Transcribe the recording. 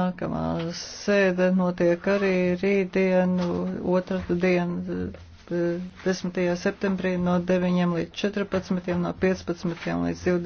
Nākamā sēde notiek arī rītdienu, otru dienu, 10. septembrī no 9 līdz 14, no 15 līdz 20.